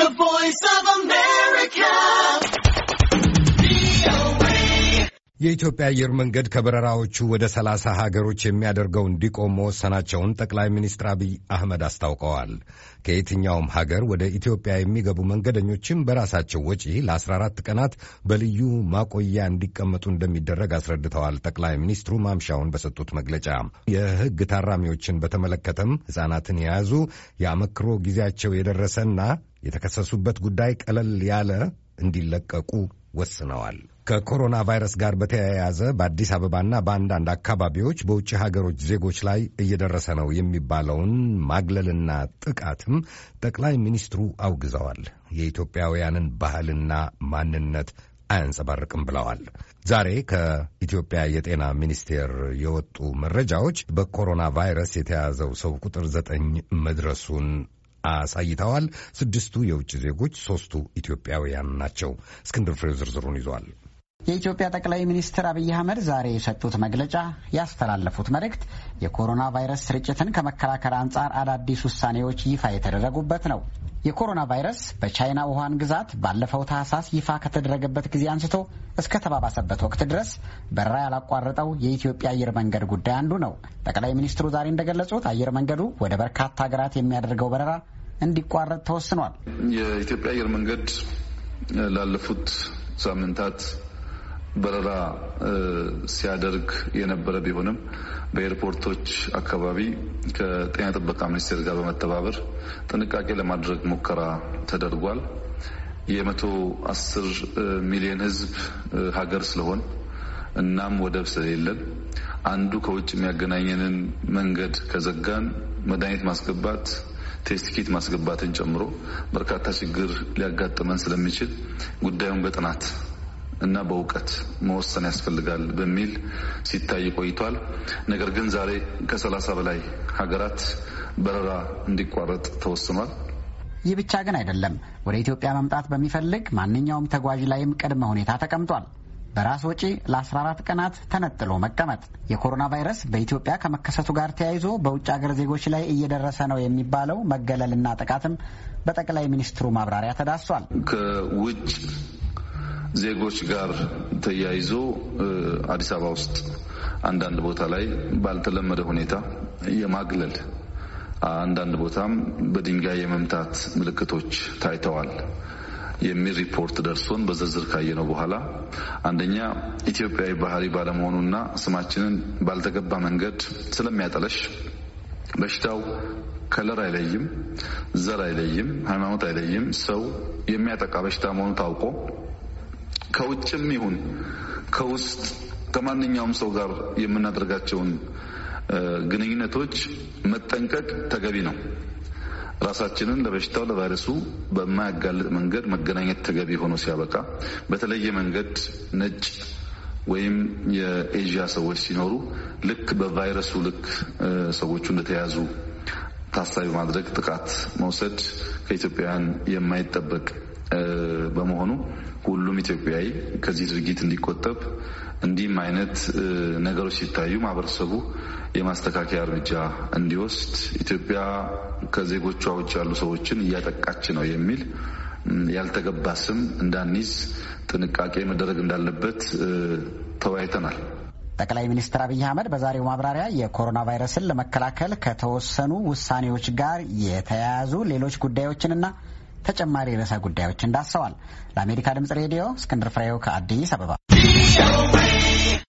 The Voice of የኢትዮጵያ አየር መንገድ ከበረራዎቹ ወደ ሰላሳ ሀገሮች የሚያደርገው እንዲቆም መወሰናቸውን ጠቅላይ ሚኒስትር አብይ አህመድ አስታውቀዋል። ከየትኛውም ሀገር ወደ ኢትዮጵያ የሚገቡ መንገደኞችም በራሳቸው ወጪ ለ14 ቀናት በልዩ ማቆያ እንዲቀመጡ እንደሚደረግ አስረድተዋል። ጠቅላይ ሚኒስትሩ ማምሻውን በሰጡት መግለጫ የሕግ ታራሚዎችን በተመለከተም ሕፃናትን የያዙ የአመክሮ ጊዜያቸው የደረሰና የተከሰሱበት ጉዳይ ቀለል ያለ እንዲለቀቁ ወስነዋል። ከኮሮና ቫይረስ ጋር በተያያዘ በአዲስ አበባና በአንዳንድ አካባቢዎች በውጭ ሀገሮች ዜጎች ላይ እየደረሰ ነው የሚባለውን ማግለልና ጥቃትም ጠቅላይ ሚኒስትሩ አውግዘዋል። የኢትዮጵያውያንን ባህልና ማንነት አያንጸባርቅም ብለዋል። ዛሬ ከኢትዮጵያ የጤና ሚኒስቴር የወጡ መረጃዎች በኮሮና ቫይረስ የተያዘው ሰው ቁጥር ዘጠኝ መድረሱን አሳይተዋል። ስድስቱ የውጭ ዜጎች፣ ሦስቱ ኢትዮጵያውያን ናቸው። እስክንድር ፍሬው ዝርዝሩን ይዟል። የኢትዮጵያ ጠቅላይ ሚኒስትር አብይ አህመድ ዛሬ የሰጡት መግለጫ ያስተላለፉት መልእክት የኮሮና ቫይረስ ስርጭትን ከመከላከል አንጻር አዳዲስ ውሳኔዎች ይፋ የተደረጉበት ነው። የኮሮና ቫይረስ በቻይና ውሃን ግዛት ባለፈው ታህሳስ ይፋ ከተደረገበት ጊዜ አንስቶ እስከ ተባባሰበት ወቅት ድረስ በረራ ያላቋረጠው የኢትዮጵያ አየር መንገድ ጉዳይ አንዱ ነው። ጠቅላይ ሚኒስትሩ ዛሬ እንደገለጹት አየር መንገዱ ወደ በርካታ ሀገራት የሚያደርገው በረራ እንዲቋረጥ ተወስኗል። የኢትዮጵያ አየር መንገድ ላለፉት ሳምንታት በረራ ሲያደርግ የነበረ ቢሆንም በኤርፖርቶች አካባቢ ከጤና ጥበቃ ሚኒስቴር ጋር በመተባበር ጥንቃቄ ለማድረግ ሙከራ ተደርጓል። የመቶ አስር ሚሊዮን ህዝብ ሀገር ስለሆን እናም ወደብ ስለሌለን አንዱ ከውጭ የሚያገናኘንን መንገድ ከዘጋን መድኃኒት ማስገባት ቴስት ኪት ማስገባትን ጨምሮ በርካታ ችግር ሊያጋጥመን ስለሚችል ጉዳዩን በጥናት እና በእውቀት መወሰን ያስፈልጋል በሚል ሲታይ ቆይቷል። ነገር ግን ዛሬ ከሰላሳ በላይ ሀገራት በረራ እንዲቋረጥ ተወስኗል። ይህ ብቻ ግን አይደለም። ወደ ኢትዮጵያ መምጣት በሚፈልግ ማንኛውም ተጓዥ ላይም ቅድመ ሁኔታ ተቀምጧል። በራስ ወጪ ለ14 ቀናት ተነጥሎ መቀመጥ። የኮሮና ቫይረስ በኢትዮጵያ ከመከሰቱ ጋር ተያይዞ በውጭ አገር ዜጎች ላይ እየደረሰ ነው የሚባለው መገለልና ጥቃትም በጠቅላይ ሚኒስትሩ ማብራሪያ ተዳሷል። ከውጭ ዜጎች ጋር ተያይዞ አዲስ አበባ ውስጥ አንዳንድ ቦታ ላይ ባልተለመደ ሁኔታ የማግለል አንዳንድ ቦታም በድንጋይ የመምታት ምልክቶች ታይተዋል የሚል ሪፖርት ደርሶን በዝርዝር ካየነው በኋላ አንደኛ ኢትዮጵያዊ ባህሪ ባለመሆኑና ስማችንን ባልተገባ መንገድ ስለሚያጠለሽ በሽታው ከለር አይለይም፣ ዘር አይለይም፣ ሃይማኖት አይለይም፣ ሰው የሚያጠቃ በሽታ መሆኑ ታውቆ ከውጭም ይሁን ከውስጥ ከማንኛውም ሰው ጋር የምናደርጋቸውን ግንኙነቶች መጠንቀቅ ተገቢ ነው። ራሳችንን ለበሽታው ለቫይረሱ በማያጋልጥ መንገድ መገናኘት ተገቢ ሆኖ ሲያበቃ በተለየ መንገድ ነጭ ወይም የኤዥያ ሰዎች ሲኖሩ ልክ በቫይረሱ ልክ ሰዎቹ እንደተያዙ ታሳቢ ማድረግ ጥቃት መውሰድ ከኢትዮጵያውያን የማይጠበቅ በመሆኑ ሁሉም ኢትዮጵያዊ ከዚህ ድርጊት እንዲቆጠብ እንዲህም አይነት ነገሮች ሲታዩ ማህበረሰቡ የማስተካከያ እርምጃ እንዲወስድ ኢትዮጵያ ከዜጎቿ ውጭ ያሉ ሰዎችን እያጠቃች ነው የሚል ያልተገባ ስም እንዳንይዝ ጥንቃቄ መደረግ እንዳለበት ተወያይተናል። ጠቅላይ ሚኒስትር አብይ አህመድ በዛሬው ማብራሪያ የኮሮና ቫይረስን ለመከላከል ከተወሰኑ ውሳኔዎች ጋር የተያያዙ ሌሎች ጉዳዮችንና ተጨማሪ ርዕሰ ጉዳዮችን ዳሰዋል። ለአሜሪካ ድምጽ ሬዲዮ እስክንድር ፍሬው ከአዲስ አበባ